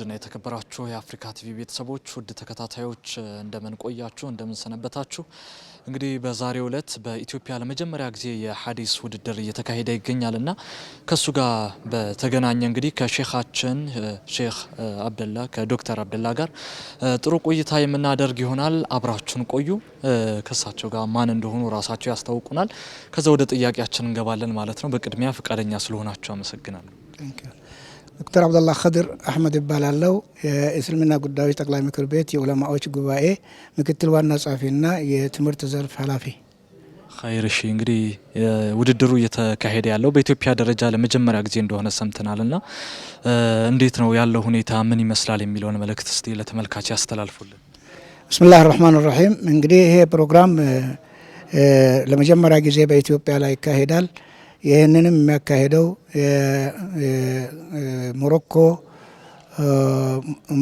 ድና የተከበራችሁ የአፍሪካ ቲቪ ቤተሰቦች ውድ ተከታታዮች እንደምን ቆያችሁ? እንደምን ሰነበታችሁ? እንግዲህ በዛሬው ዕለት በኢትዮጵያ ለመጀመሪያ ጊዜ የሀዲስ ውድድር እየተካሄደ ይገኛል እና ከእሱ ጋር በተገናኘ እንግዲህ ከሼካችን ሼክ አብደላ ከዶክተር አብደላ ጋር ጥሩ ቆይታ የምናደርግ ይሆናል። አብራችሁን ቆዩ። ከእሳቸው ጋር ማን እንደሆኑ ራሳቸው ያስታውቁናል። ከዛ ወደ ጥያቄያችን እንገባለን ማለት ነው። በቅድሚያ ፈቃደኛ ስለሆናቸው አመሰግናለሁ። ዶክተር አብደላ ከድር አህመድ ይባላለው የእስልምና ጉዳዮች ጠቅላይ ምክር ቤት የዑለማዎች ጉባኤ ምክትል ዋና ጸሐፊና የትምህርት ዘርፍ ኃላፊ። ኸይር እሺ፣ እንግዲህ ውድድሩ እየተካሄደ ያለው በኢትዮጵያ ደረጃ ለመጀመሪያ ጊዜ እንደሆነ ሰምተናል እና እንዴት ነው ያለው ሁኔታ ምን ይመስላል የሚለውን መልእክት እስቲ ለተመልካች ያስተላልፉልን። ብስምላህ ራህማን ራሒም እንግዲህ ይሄ ፕሮግራም ለመጀመሪያ ጊዜ በኢትዮጵያ ላይ ይካሄዳል። ይህንንም የሚያካሄደው የሞሮኮ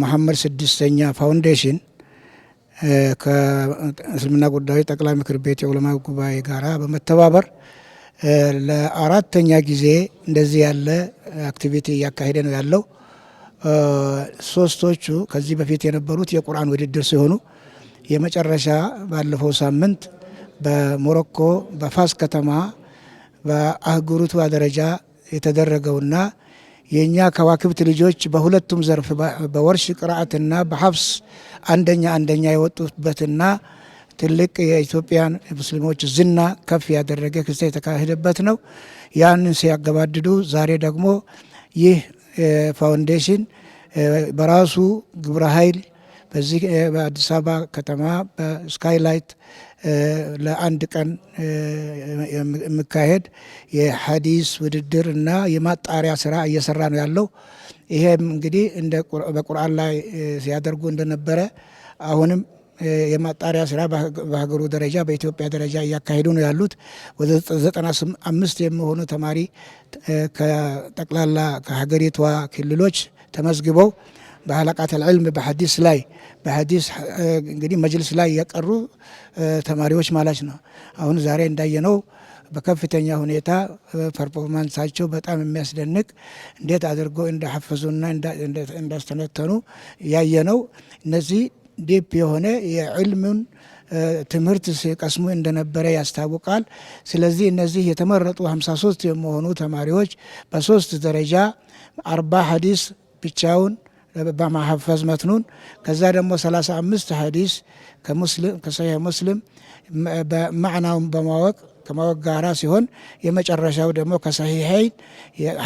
መሐመድ ስድስተኛ ፋውንዴሽን ከእስልምና ጉዳዮች ጠቅላይ ምክር ቤት የዑለማ ጉባኤ ጋራ በመተባበር ለአራተኛ ጊዜ እንደዚህ ያለ አክቲቪቲ እያካሄደ ነው ያለው። ሶስቶቹ ከዚህ በፊት የነበሩት የቁርአን ውድድር ሲሆኑ የመጨረሻ ባለፈው ሳምንት በሞሮኮ በፋስ ከተማ በአህጉሪቷ ደረጃ የተደረገውና የእኛ ከዋክብት ልጆች በሁለቱም ዘርፍ በወርሽ ቅርአትና በሀብስ አንደኛ አንደኛ የወጡበትና ትልቅ የኢትዮጵያን ሙስሊሞች ዝና ከፍ ያደረገ ክስ የተካሄደበት ነው። ያንን ሲያገባድዱ ዛሬ ደግሞ ይህ ፋውንዴሽን በራሱ ግብረ ኃይል በዚህ በአዲስ አበባ ከተማ በስካይላይት ለአንድ ቀን የሚካሄድ የሀዲስ ውድድር እና የማጣሪያ ስራ እየሰራ ነው ያለው። ይሄም እንግዲህ በቁርአን ላይ ሲያደርጉ እንደነበረ አሁንም የማጣሪያ ስራ በሀገሩ ደረጃ በኢትዮጵያ ደረጃ እያካሄዱ ነው ያሉት። ወደ ዘጠና አምስት የሚሆኑ ተማሪ ከጠቅላላ ከሀገሪቷ ክልሎች ተመዝግበው በሀለቃት ልዕልም በሀዲስ ላይ በሀዲስ እንግዲህ መጅልስ ላይ የቀሩ ተማሪዎች ማለት ነው። አሁን ዛሬ እንዳየነው በከፍተኛ ሁኔታ ፐርፎርማንሳቸው በጣም የሚያስደንቅ እንዴት አድርጎ እንደሐፈዙና እንዳስተነተኑ ያየነው እነዚህ ዲፕ የሆነ የዕልምን ትምህርት ሲቀስሙ እንደነበረ ያስታውቃል። ስለዚህ እነዚህ የተመረጡ 53 የመሆኑ ተማሪዎች በሶስት ደረጃ አርባ ሀዲስ ብቻውን በማሐፈዝ መትኑን ከዛ ደግሞ 35 ሀዲስ ከሰሒህ ሙስሊም ማዕናውን በማወቅ ከማወቅ ጋራ ሲሆን የመጨረሻው ደግሞ ከሰሒሐይን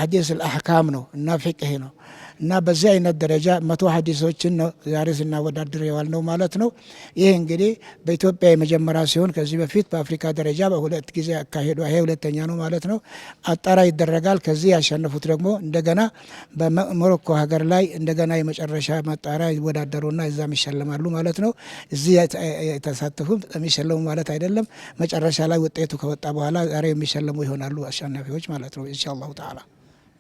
ሀዲስ አልአሕካም ነው እና ፊቅህ ነው። እና በዚህ አይነት ደረጃ መቶ ሀዲሶችን ነው ዛሬ ስናወዳድር የዋል ነው ማለት ነው። ይህ እንግዲህ በኢትዮጵያ የመጀመሪያ ሲሆን ከዚህ በፊት በአፍሪካ ደረጃ በሁለት ጊዜ አካሄዱ ይሄ ሁለተኛ ነው ማለት ነው። አጣራ ይደረጋል። ከዚህ ያሸነፉት ደግሞ እንደገና በሞሮኮ ሀገር ላይ እንደገና የመጨረሻ ማጣራ ይወዳደሩና እዛም ይሸለማሉ ማለት ነው። እዚህ የተሳተፉም የሚሸለሙ ማለት አይደለም። መጨረሻ ላይ ውጤቱ ከወጣ በኋላ ዛሬ የሚሸለሙ ይሆናሉ አሸናፊዎች ማለት ነው ኢንሻ አላሁ ተዓላ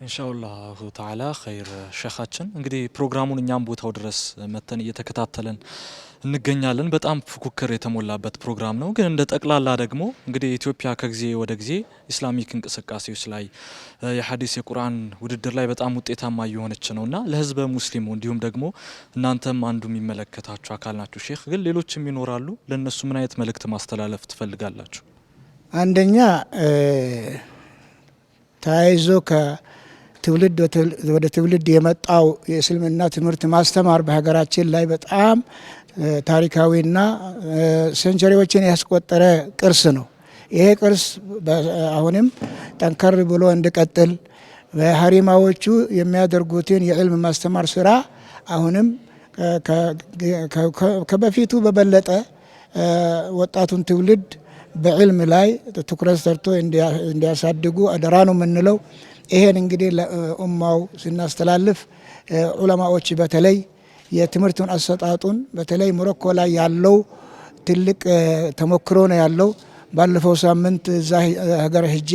ኢንሻአላሁ ተዓላ ኸይር ሸኻችን እንግዲህ ፕሮግራሙን እኛም ቦታው ድረስ መተን እየተከታተለን እንገኛለን። በጣም ፉክክር የተሞላበት ፕሮግራም ነው። ግን እንደ ጠቅላላ ደግሞ እንግዲህ ኢትዮጵያ ከጊዜ ወደ ጊዜ ኢስላሚክ እንቅስቃሴዎች ላይ የሀዲስ የቁርአን ውድድር ላይ በጣም ውጤታማ እየሆነች ነው እና ለህዝበ ሙስሊሙ እንዲሁም ደግሞ እናንተም አንዱ የሚመለከታችሁ አካል ናችሁ ሼክ። ግን ሌሎችም ይኖራሉ። ለእነሱ ምን አይነት መልእክት ማስተላለፍ ትፈልጋላችሁ? አንደኛ ተያይዞ ትውልድ ወደ ትውልድ የመጣው የእስልምና ትምህርት ማስተማር በሀገራችን ላይ በጣም ታሪካዊና ሴንቸሪዎችን ያስቆጠረ ቅርስ ነው። ይሄ ቅርስ አሁንም ጠንከር ብሎ እንዲቀጥል በሀሪማዎቹ የሚያደርጉትን የዕልም ማስተማር ስራ አሁንም ከበፊቱ በበለጠ ወጣቱን ትውልድ በዕልም ላይ ትኩረት ሰርቶ እንዲያሳድጉ አደራ ነው የምንለው። ይሄን እንግዲህ ለኡማው ስናስተላልፍ ዑለማዎች በተለይ የትምህርቱን አሰጣጡን በተለይ ሞሮኮ ላይ ያለው ትልቅ ተሞክሮ ነው ያለው። ባለፈው ሳምንት እዛ ሀገር ህጄ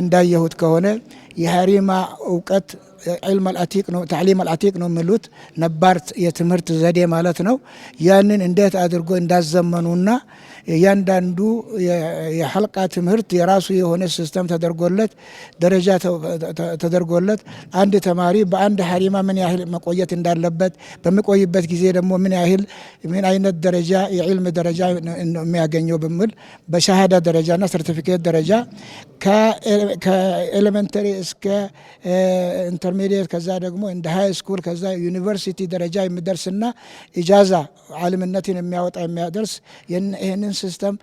እንዳየሁት ከሆነ የሀሪማ እውቀት ዒልም አልአቲቅ ነው ታዕሊም አልአቲቅ ነው የሚሉት ነባር የትምህርት ዘዴ ማለት ነው። ያንን እንዴት አድርጎ እንዳዘመኑና እያንዳንዱ የሐልቃ ትምህርት የራሱ የሆነ ሲስተም ተደርጎለት ደረጃ ተደርጎለት አንድ ተማሪ በአንድ ሀሪማ ምን ያህል መቆየት እንዳለበት በሚቆይበት ጊዜ ደግሞ ምን ያህል ምን አይነት ደረጃ የዒልም ደረጃ የሚያገኘው በሚል በሻሃዳ ደረጃና ሰርቲፊኬት ደረጃ ከኤሌመንተሪ እስከ ኢንተርሜዲየት ከዛ ደግሞ እንደ ሃይ ስኩል ከዛ ዩኒቨርሲቲ ደረጃ የሚደርስና ኢጃዛ አልምነትን የሚያወጣ የሚያደርስ ይህንን ሲስተም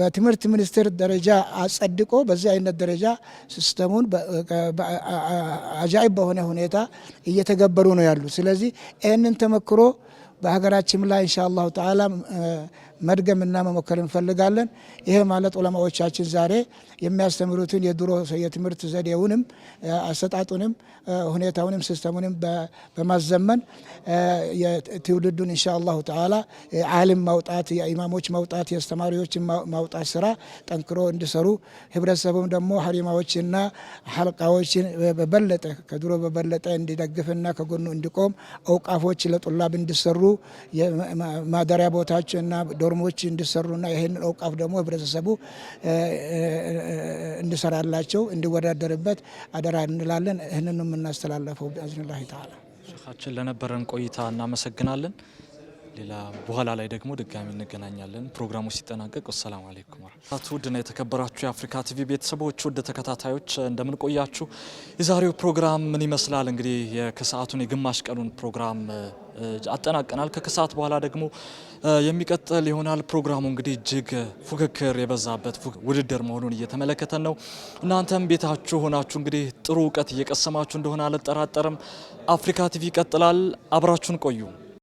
በትምህርት ሚኒስቴር ደረጃ አጸድቆ በዚህ አይነት ደረጃ ሲስተሙን አጃይብ በሆነ ሁኔታ እየተገበሩ ነው ያሉ። ስለዚህ ይህንን ተመክሮ በሀገራችን ላይ ኢንሻ አላሁ ተዓላ መድገምና መሞከር እንፈልጋለን። ይሄ ማለት ዑለማዎቻችን ዛሬ የሚያስተምሩትን የድሮ የትምህርት ዘዴውንም አሰጣጡንም ሁኔታውንም ሲስተሙንም በማዘመን ትውልዱን እንሻ አላሁ ተዓላ ዓሊም ማውጣት፣ የኢማሞች ማውጣት፣ የአስተማሪዎችን ማውጣት ስራ ጠንክሮ እንዲሰሩ ህብረተሰቡም ደግሞ ሀሪማዎችና ሀልቃዎችን በበለጠ ከድሮ በበለጠ እንዲደግፍና ከጎኑ እንዲቆም እውቃፎች ለጡላብ እንዲሰሩ ማደሪያ ቦታዎችና ዶርሞች እንዲሰሩና ይህን እውቀት ደግሞ ህብረተሰቡ እንዲሰራላቸው እንዲወዳደርበት አደራ እንላለን። ይህንን የምናስተላለፈው ብዝንላ ተላ ሸካችን ለነበረን ቆይታ እናመሰግናለን። ሌላ በኋላ ላይ ደግሞ ድጋሚ እንገናኛለን። ፕሮግራሙ ሲጠናቀቅ ሰላም አሌይኩም ወራት። ውድና የተከበራችሁ የአፍሪካ ቲቪ ቤተሰቦች፣ ውድ ተከታታዮች እንደምን ቆያችሁ? የዛሬው ፕሮግራም ምን ይመስላል? እንግዲህ ከሰዓቱን የግማሽ ቀኑን ፕሮግራም አጠናቀናል። ከከሰዓት በኋላ ደግሞ የሚቀጥል ይሆናል። ፕሮግራሙ እንግዲህ እጅግ ፉክክር የበዛበት ውድድር መሆኑን እየተመለከተን ነው። እናንተም ቤታችሁ ሆናችሁ እንግዲህ ጥሩ እውቀት እየቀሰማችሁ እንደሆነ አልጠራጠርም። አፍሪካ ቲቪ ይቀጥላል። አብራችሁን ቆዩ።